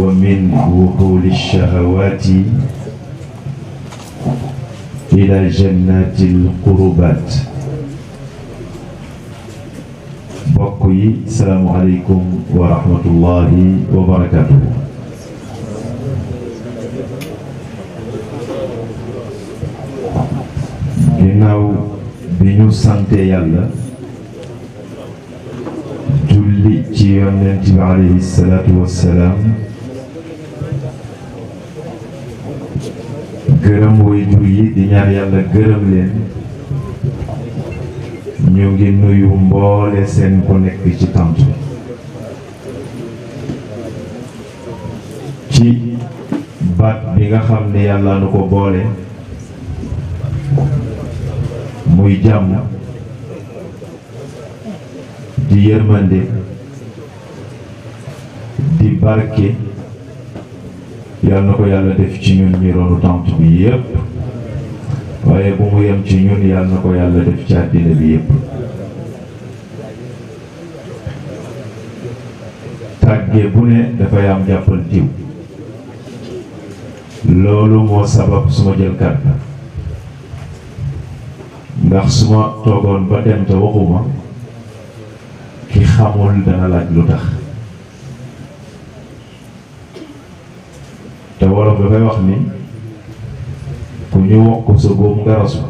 ومن وحول الشهوات إلى جنات القربات بقي السلام عليكم ورحمة الله وبركاته ginnaaw بنو ñu sante yàlla julli عليه الصلاة والسلام gërëm waajur yi di ñaan yàlla gërëm leen ñu ngi nuyu mboole seen ko nekk ci tant ci baat bi nga xam ne yàlla nu ko boole muy jàmm di yërmande di barke yàlla na ko yàlla def ci ñun ñi ronu bi yépp waaye bu mu ci ñun yàlla na ko yàlla def ci àddina bi yépp tàggee bu ne dafa am jàppal diw loolu moo sabab suma jël kàddu ndax suma toogoon ba dem te waxuma ki xamul dana laaj lu tax wolof dafay wax ni ku ñu wokk sa góom nga rasu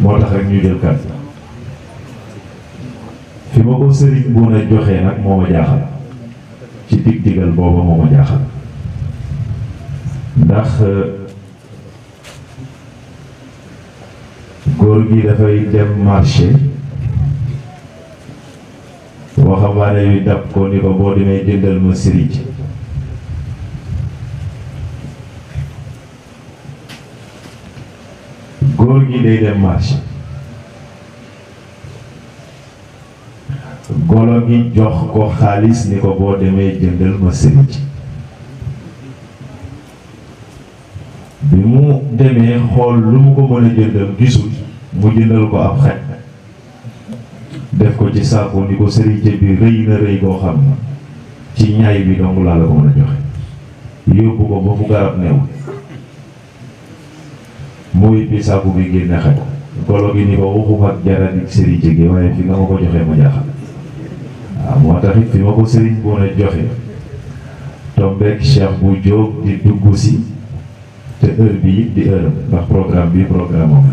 moo tax rek ñu jël kat fi ma ko sëriñ bu na joxee nag moo ma jaaxal ci dig digal booba moo ma jaaxal ndax euh, góor gi dafay dem marché xabaare yu dab ko ni ko boo demee jëndal ma sirij góor gi day dem marché golo gi jox ko xaalis ni ko boo demee jëndal ma sirij bi mu demee xool lu mu ko mën a jëndal gisul mu jëndal ko ab xaj def ko ci saako ni ko djé bi rëy na rëy go xam ci ñaay bi dong laa la ko mën joxe yobbu ko ba fu garab neew moy bi bi na xat golo gi ni ko waxu ni jaranik djé gi waye fi nga ko joxe ma jaxa mo ah, moo fi ma ko sëriñ boo ne joxe tombeek Cheikh bu di duggu ci te heure bi di heure ndax programme bi programme am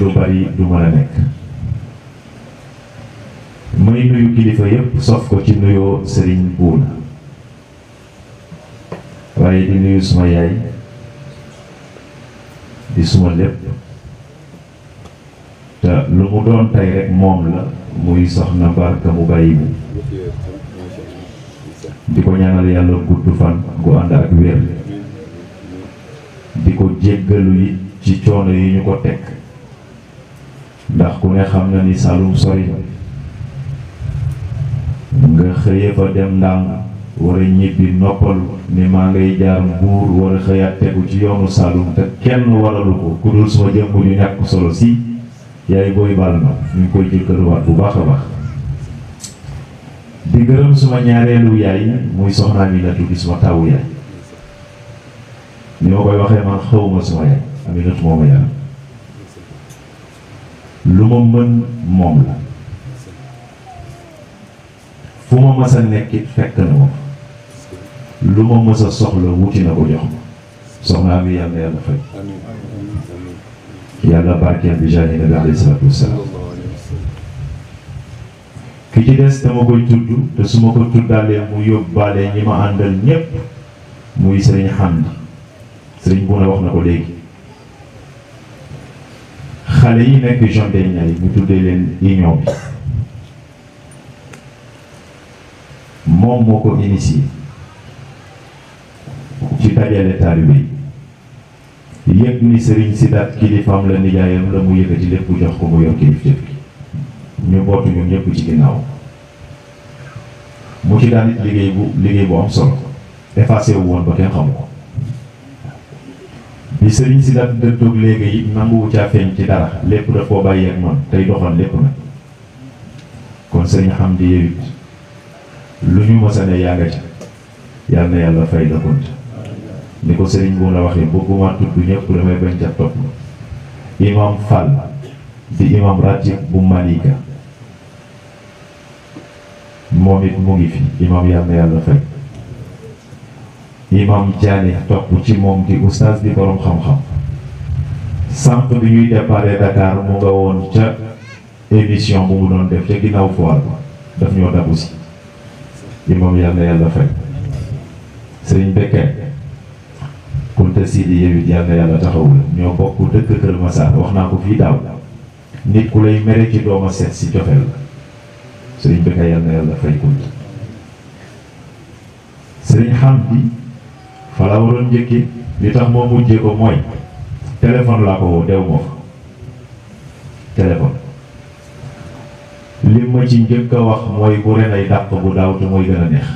lu bari du mën may nuyu kilifa yépp sof ko ci nuyoo Serigne Bouna waaye di nuyu suma yaay di suma lépp te lu mu doon tey rek moom la muy soxna barka mu bàyyi mi di ko ñaanal yàlla gudd fan gu ànd ak wér di ko jéggalu yi ci coono yi ñu ko teg ndax ku ne xam na ni Saloum sori nga xeye fa dem ndang wara ñibbi noppal ni ma ngay jaar nguur wara xëyaat tegu ci yoonu salum te kenn waralu ko ku dul suma jëmbu ñu nekk solo si yaay boy bal ma ñu ngi koy jëkkaluwaat bu baax a baax di gërëm suma ñaareelu yaay muy soxna mi la di suma taw yaay ni ma koy waxee man xawma suma yaay aminatu mooma yaay lu ma mën moom la fu ma mës a fekk na lu ma mës a soxla wuti na ko jox ma soxna am yàlla na yàlla fay yàlla barkeel bi jaani nabi alayhi salaatu ki ci des dama koy tudd te su ma ko tuddaalee mu yóbbaale ñi ma àndal ñépp muy sëriñ Hamdi sëriñ bu na wax na ko léegi xale yi nekk Jean Deñay ñu tuddee leen union bi moom moo ko initié ci dajale taalibe yëg ni sëriñ si daat kilifaam la nijaayam la mu yëkkati lépp jox ko mu yor kilifteef gi ñu bootu ñun ñëpp ci ginnaaw mu ci daan it liggéey bu liggéey bu am solo effacé wu woon ba kenn xamu ko bi sëriñ si daat dëddoog léegi yi nanguwu caa feeñ ci dara lépp daf koo bàyyi man tey doxal lépp nag kon sëriñ xam di yewit lu ñu mës a ne yaa nga ca yàlla na yàlla fay la ko ni ko sëriñ bu la waxee bëgguma tudd imam Fall di imam ratib bu Malika moom it mu ngi imam yàlla na yàlla fay imam Diané topp ci moom di oustaz di borom xam-xam sànq bi ñuy déparé Dakar mu nga woon ca émission bu mu doon def ca ginnaaw foire ba daf ñoo dabu imam yàlla na yàlla fay sëriñ Bekke Kunta Sidi yow it yàlla yàlla taxawu ñoo bokk dëkk Kër Massar wax naa ko fii daaw nit ku lay mere ci dooma seet si joxeel la sëriñ Bekke yàlla yàlla fay Kunta sëriñ xam bi fa waroon njëkki li tax moo mujjee ko mooy téléphone laa ko woo dew moo fa téléphone mo ci njëkk a wax moy bu ren ay dàq bu daw te moy gëna neex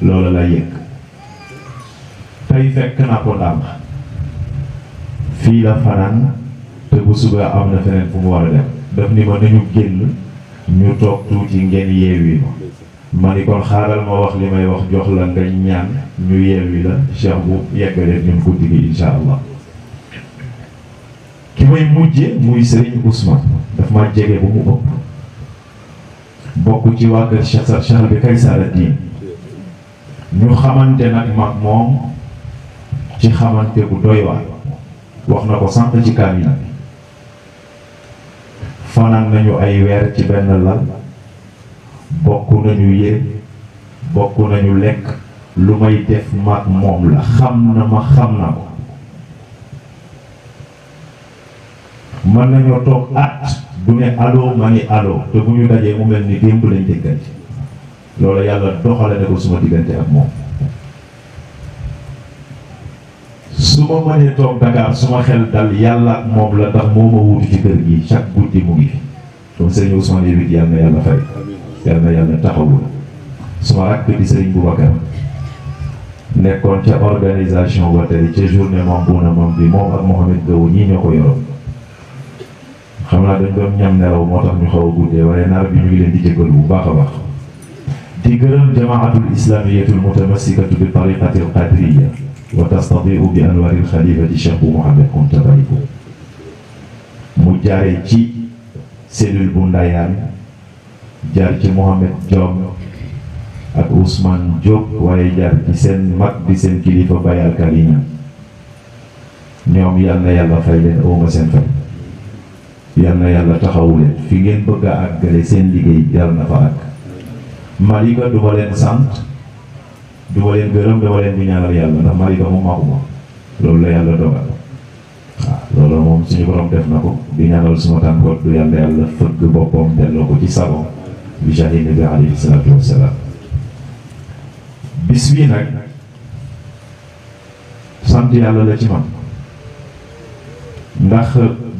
loolu la yek tay fekk na ko dam fi la faran te bu suba am na feneen fu mu wara dem daf ni ma nañu genn ñu toog tuuti ngeen yeewi ma ma ni kon xaaral ma wax limay wax jox la nga ñaan ñu yeewi la cheikh bu yeggale ñu ko digi inshallah ki may mujjé muy Serigne Ousmane daf ma jégué bu mu ëpp bokk ci waa kër Cheikh Cheikh bi ñu xamante nag mag moom ci xamante bu doy waar wax na ko sànq ci kaamina bi nañu ay weer ci benn lal bokk nañu yéeg bokk nañu lekk lu may def mag moom la xam na ma xam na ko mën nañoo toog at du ne allo ma ni allo te bu ñu dajee mu mel ni démb lañ déggante loolu yàlla doxale na ko suma diggante ak moom su ma toog Dakar su xel dal yàlla ak moom la ndax moo ma wutu ci kër gi chaque guddi mu ngi fi donc sëriñ Ousmane yëwit yàlla na yàlla fay yàlla yàlla taxawu suma rakk di sëriñ Boubacar nekkoon ca organisation ba ca journée bu na mam bi moom ak Mohamed Gaw ñii ñoo ko yoroon xam naa dañ doon ñam nelaw moo tax ñu xaw guddee waaye nar bi ñu leen di jégalu bu baax baax di gërëm jamaatul islamiyatul mutamassikatu bi tariqatil qadriya wa tastadiu bi anwaril xalifati cheikh bu Mouhamed Kounta Baïko mu jaare ci cellule bu Ndayaan jaar ci Mouhamed Diom ak Ousmane Diop waaye jaar ci seen mag di seen kilifa bayalkal yi ñoom yàlla na yàlla fay leen awma seen fay yalla yalla yàlla fi ngeen bëgg ak àggale seen liggéey dal na fa ak Malika duma leen sant duma leen gërëm dama leen di ñaanal yalla ndax Malika moom maxuma loolu la yalla dogal waaw loolu moom suñu borom def nako ko di ñaanal suma tàngoor du yalla yalla fëgg bopom delloo ko ci sago bi jani nabi alayhi salaatu wasalaam bis bii nak sant yalla la ci man ndax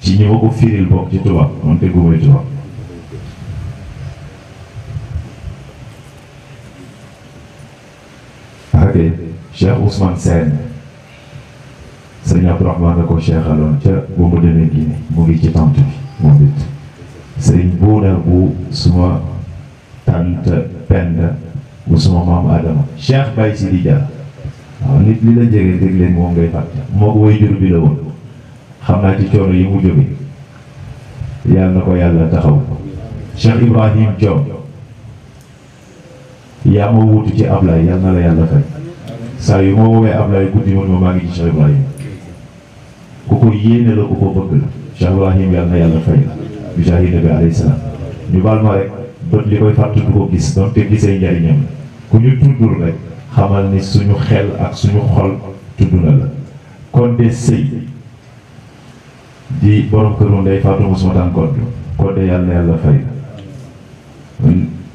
ci ñi ma ko firil bokk ci tubaab moom te gumay tubaab xake Cheikh Ousmane Sène sëñ Abdourahmane la ko Cheikh aloon ca bu mu demee Guinée mu ngi ci tant bi moom it sëñ bu suma tànt pend bu suma Adama Cheikh Baye Sidi Dia waaw nit li jege dégg leen moom ngay fàtte way jur bi la xam naa ci coono yi mu jóge yàlla na ko yàlla taxaw Cheikh Ibrahim Diop yaa ma wuutu ci Ablaye yàlla na la yàlla fay saa yu ma woowee Ablaye guddi man ma maa ngi ci Cheikh Ibrahim ku ko yéene la ku ko bëgg la Cheikh Ibrahim yàlla na yàlla fay bi jahi nabi alayhi salaam ñu baal ma rek doon li koy fàttu du ko gis doon te gisee njariñam ku ñu tuddul rek xamal ni suñu xel ak suñu xol tudd na la kon de sëy di borom këroon day faatu mosuma tànkoon kodde yàlla yàlla fay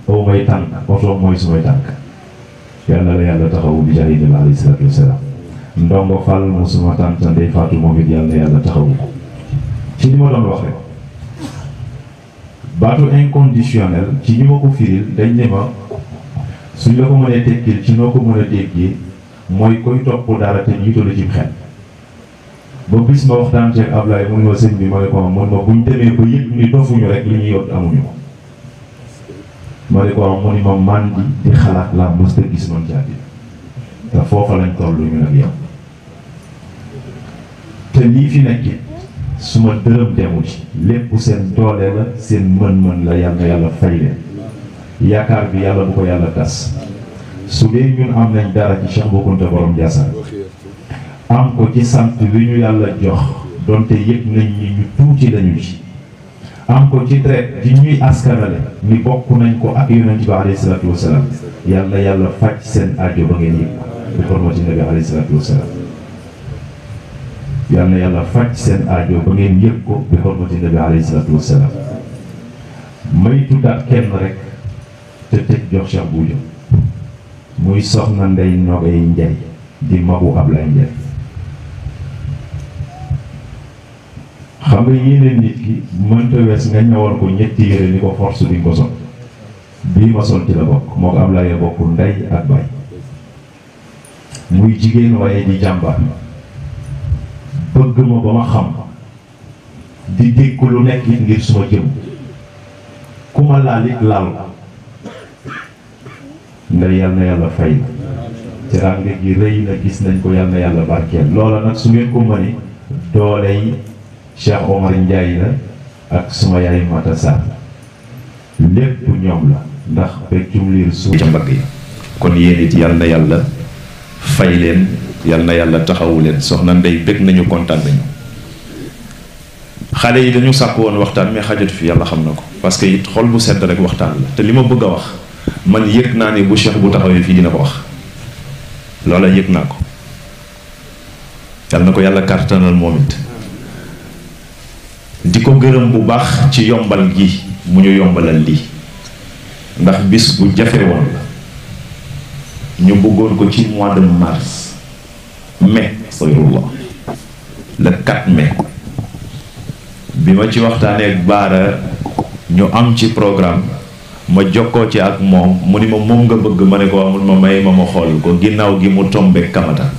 aw may tànk otoom mooy sumay tànk yàlla la yàlla taxawu bi jaay dem alayhi ci li ko firil dañ ne suñ la ko mënee tekkil ci noo ko mën a déggee mooy koy topp dara te jiitu la cim xel ba bis ma waxtaan ceeg Ablaye mun ma sëñ bi ma ne ko am ma buñ demee ba yëg ni dofuñu ko ma am mu ni ma man di di xalaat laa mës a gis man te foofa lañ toll ñu nag yow te lii fi nekkee su ma dërëm demu lépp seen doole la seen mën-mën la yàlla yàlla fay leen yaakaar bi yàlla bu ko yàlla tas su dee ñun am nañ dara ci Cheikh Bou borom Ndiassane am ko ci sant wi ñu yàlla jox donte yëg nañ ni ñu tuuti lañu ci am ko ci traite ji ñuy askanale ni bokk nañ ko ak yonent bi alayhi salaatu wasalaam yàlla faj seen aajo ba ngeen yëg ko bi wasalaam yàlla yàlla faj seen aajo ba ngeen yëg ko bi xormati nabi alayhi salaatu wasalaam may tuddaat kenn rek te tëj jox Cheikh Boudio muy soxna Ndey Nogay Njaay di magu Ablaye Njaay xam nga yéene nit ki mënta wees nga ñawal ko ñetti yére ni ko force bi ko sol bii ma sol ci la bokk moo ko am lay bokkul ndey ak bay muy jigéen waaye di jàmbaar bëgg ma ba ma xam di dégg lu nekk it ngir suma jëm ku ma laal it nga yal na yàlla fay ci ràng gi rëy na gis nañ ko yal na yàlla barkeel loola nag su ngeen ko mënee doole yi Cheikh Omar Ndiaye la ak suma yaay Mata Sarr lépp ñom la ndax beccum lir suuf ci mbag yi kon yéen it yal yàlla fay len yalla yàlla taxawu len soxna ndey bekk nañu contant nañu xale yi dañu sàkk woon waxtan mais xajat fi yàlla xamna ko parce que it xol bu sedd rek waxtan la te lima bëgg wax man yek na ni bu cheikh bu taxawé fi dina ko wax lola yek na ko yalla nako yàlla kartanal momit di ko gërëm bu baax ci yombal gi mu ñu yombalal lii ndax bis bu jafe woon la ñu bëggoon ko ci mois de mars mai sayrullah le 4 mai bi ma ci waxtaanee ak baara ñu am ci programme ma jokkoo ci ak moom mu ni ma moom nga bëgg ma ne ko amul ma may ma ma xool ko ginnaaw gi mu tombe kamata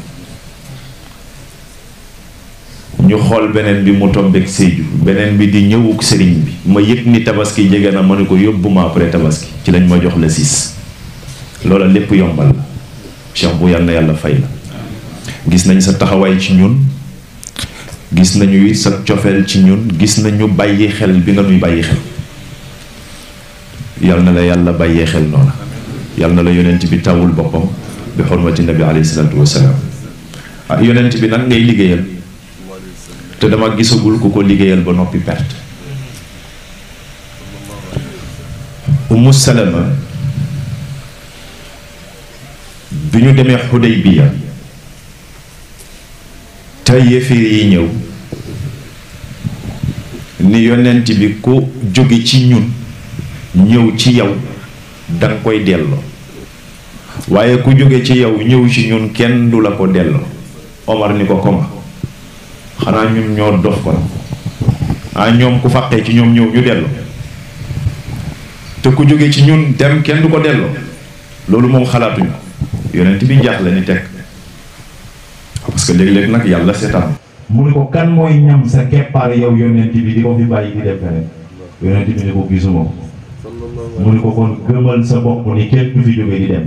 ñu xol benen bi mu tombeeg seydou benen bi di ñëwuk serigne bi ma yek ni tabaski jege na ma ko yóbbu après tabaski ci lañ ma jox la siis loola lépp yombal Cheikh bu yàlla yàlla fay la gis nañ sa taxaway ci ñun gis nañu yi sa cofeel ci ñun gis nañu bàyyi xel bi nga nuy bàyyi xel yalla na la yàlla bayyi xel non yalla na la yonent bi tawul bopam bi xormati nabi alayhi salaatu wasalaam ah yonent bi nag ngay liggéeyal te dama gisagul ku ko liggéeyal ba noppi perte umu salama bi ñu demee Xudaybiya te yéeféer yi ñëw ni yonent bi ku jóge ci ñun ñëw ci yow danga koy delloo waaye ku jóge ci yow ñëw ci ñun kenn du la ko delloo Omar ni ko koma xanaa ñun ñoo dof kon ah ñoom ku fàqee ci ñoom ñëw ñu dellu te ku jóge ci ñun dem kenn du ko delloo loolu moom xalaatuñu yonent bi njaaxle ni teg parce que léeg-léeg nag yàlla seetaan mu ne ko kan mooy ñam sa keppaar yow yonent bi di ko fi bàyyi di dem feneen yonent bi ne ko gisuma mu ne ko kon gëmal sa bopp ni kenn du fi jóge di dem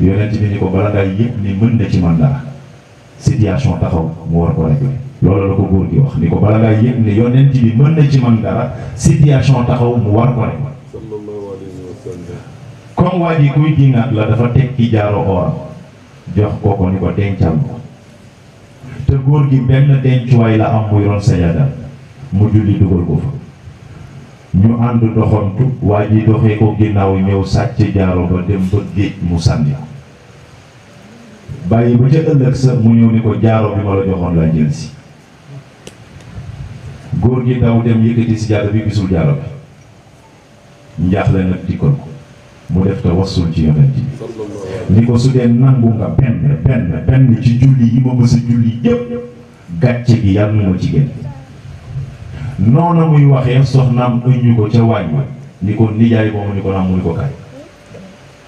yonent bi ni ko bala ngaa ni mën na ci man dara situation taxaw mu war ko régler lolo lako ko gi wax ni ko bala ngaa ni yonent bi mën na ci man dara situation taxaw mu war ko régler comme waa kuy dingaat la dafa tek ki jaaro oram jox ko ni ko dencal ko te góor gi benn way la am muy ron sayada mu julli dugal ko fa ñu ko ñew sacc jaaro ba dem ba mu bàyyi ba ca ëllëg sa mu ñëw ni ko jaaro bi ma la joxoon laa jël si góor gi daw dem yëkkati si jaaro bi gisul jaaro bi njaaxle nag dikkoon ko mu def tawassul ci yonent bi ni ko su dee nangu nga benn benn benn ci julli yi ma mës a julli yépp gàcce gi yàlla na ma ci génn noona muy waxee soxnaam ëññu ko ca waañ wa ni ko nijaay moomu ni ko naam mu ni ko kaay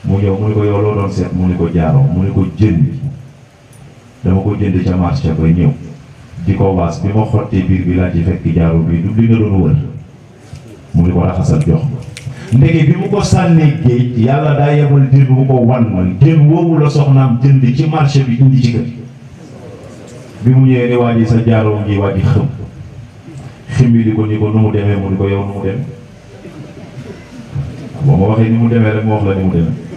mu ni ko yow loo mu ni ko jaaroo mu ni ko jën dama ko jënd ca marché ba ñëw di ko waas bi ma xottee biir bi laa ci fekk jaaro bi du li nga doon mu ngi ko raxasal jox ndege bi mu ko sànnee géej yàlla daa yebal dir bu ko wan ma jën woowu la soxnaam jënd ci marché bi ci kër bi mu ñëwee ne waa sa jaaroo ngi waa xëm xim bi di ko ni ko nu demee mu ni ko yow nu mu ma waxee ni mu demee rek ma wax la ni mu demee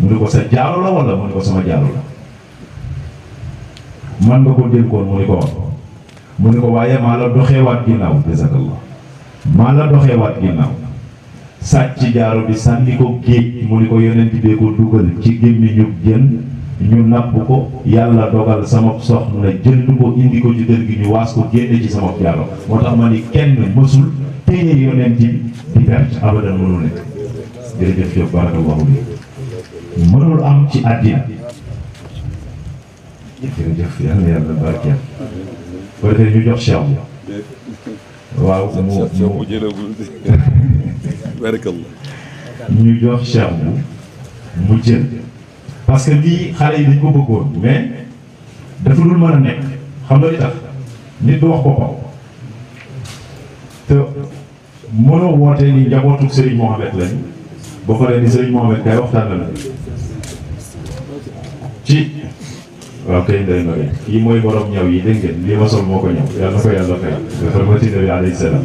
mu ne ko sa jaaro la wala mu ne ko sama jaaro la man nga ko dénkoon mu ne ko mu ne ko waaye maa la doxeewaat ginnaaw jazakallah maa la doxeewaat ginnaaw ci jaaro bi sànni ko géej mu ne ko yonent bee ko dugal ci gémmiñu jën ñu napp ko yàlla dogal sama soxna jënd ko indi ko ci dër gi ñu waas ko génne ci sama jaaro moo tax ma ni kenn mësul téye yonent di perte abadan mënul nekk jërëjëf jëf barakallahu bi mënul am ci àddina jërëjëf yal na yàlla barkeel ko defee ñu jox cheikh bi waaw mu mu ñu jox cheikh bu mu jël parce que lii xale yi dañ ko bëggoon mais dafa dul mën a nekk xam nga tax nit du wax boppam te mënoo wootee ni njabootu Serigne Mohamed lañ boo xoolee ni Mohamed kay waxtaan na ci waaw kay day ndoge kii mooy borom ñaw yi dégg ngeen lii ma sol moo ko ñaw yàlla na ko yàlla fay dafa mati nabi alayhi salaam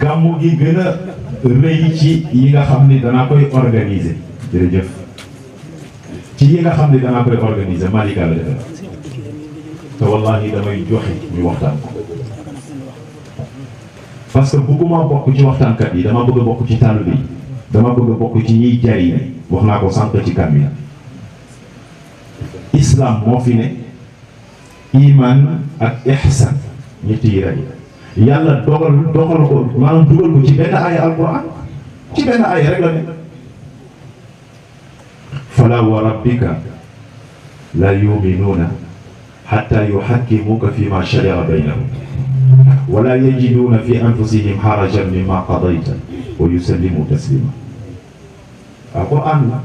gàmmu gi gën a rëy ci yi nga xam ni danaa koy organiser jërëjëf ci yi nga xam ni danaa koy organiser Malika la defe te wallahi damay joxe ñu waxtaan ko parce que bëgguma bokk ci waxtaankat yi dama bëgg a bokk ci taalibe yi dama bëgg a bokk ci ñiy jariñ wax naa ko sànq ci kàddu yi islam moo fi ne iman ak ihsan ñetti yi rek yàlla dogal dogal ko maanaam dugal ko ci benn aaya alquran ci benn aaya rek la ne fala wa rabbika la yuminuna xatta yuxakkimuuka fi ma shajara baynahum wala yajiduuna fi anfusihim xarajan mimma qadayta wa yusallimu taslima alquran la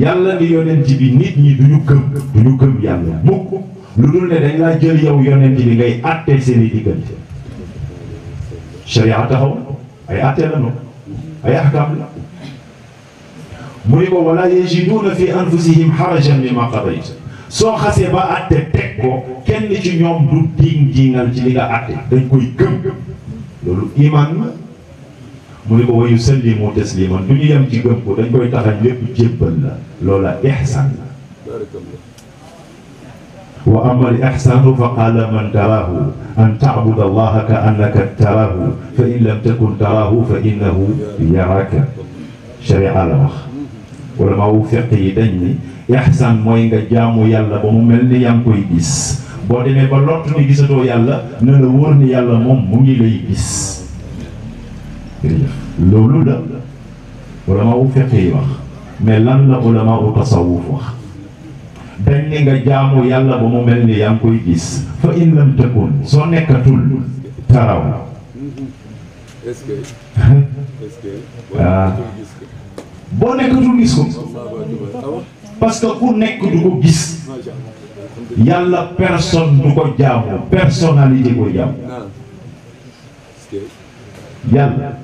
yàlla ni yonent bi nit ñi ñu gëm duñu gëm yàlla mukk lu dul ne dañ laa jël yow yonent bi ngay àttee seeni diggante sharia taxaw ay àtte la noonu ay ahkaam la mu ni ko wala yajiduuna fi anfusihim xarajan mimma qadayta soo xasee ba àtte teg ko kenn ci ñoom du diing diingal ci li nga àtte dañ koy gëm loolu iman mu ne ko wa yusallimu tasliman du ñu yem ci gëm ko dañ koy taxañ lépp jébbal la loola ihsan la wa amma al ihsanu fa qala man tarahu an ta'buda allaha ka annaka tarahu fa in lam takun tarahu fa innahu yaraka sharia la wax wala ma wu feq yi dañ ni ihsan mooy nga jaamu yàlla ba mu mel ni yaa ngi koy gis boo demee ba lott ni gisatoo yàlla ne la wóor ni yàlla moom mu ngi lay gis jërëjëf loolu la ulama wu feqe yi wax mais lan la ulama wu tasawuf wax dañ ni mel ni yaa ngi gis fa in lam takun soo nekkatul taraw waaw ah. boo nekkatul gis ko parce ku nekk du ko gis yàlla personne du ko jaamu personnalité ko jaamu ah. yàlla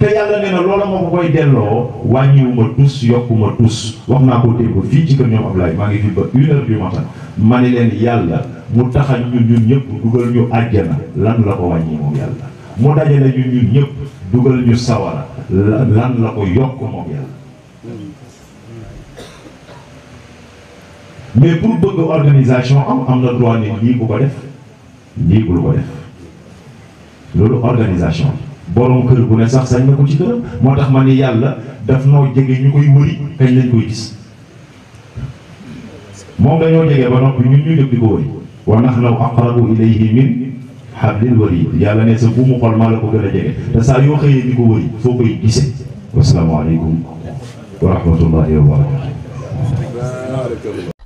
te yàlla nee na loola moo ko koy delloo wàññiwuma tus yokkuma tus wax naa ko dégg fii ci kër ñoom Ablaye maa ngi fi ba une heure du matin ma ne leen yàlla mu taxañ ñun ñun ñëpp dugal ñu àjjana lan la ko wàññi moom yàlla mu dajale ñun ñun ñëpp dugal ñu sawara lan la ko yokk moom yàlla mais pour bëgg organisation am am na droit ne lii bu ko def lii bul ko def loolu organisation borom kër bu ne sax sañ na ko ci këram moo tax ma ni yàlla daf noo jege ñu koy wëri kañ lañ koy gis moom dañoo jege ba noppi ñun ñu jóg di ko wëri wa nahnu aqrabu ilayhi min hablil warid yàlla ne sa buumu xol maa la ko gën a jege te saa yoo xëyee di ko wëri foo koy gisee wasalaamaaleykum wa rahmatullahi wa barakatu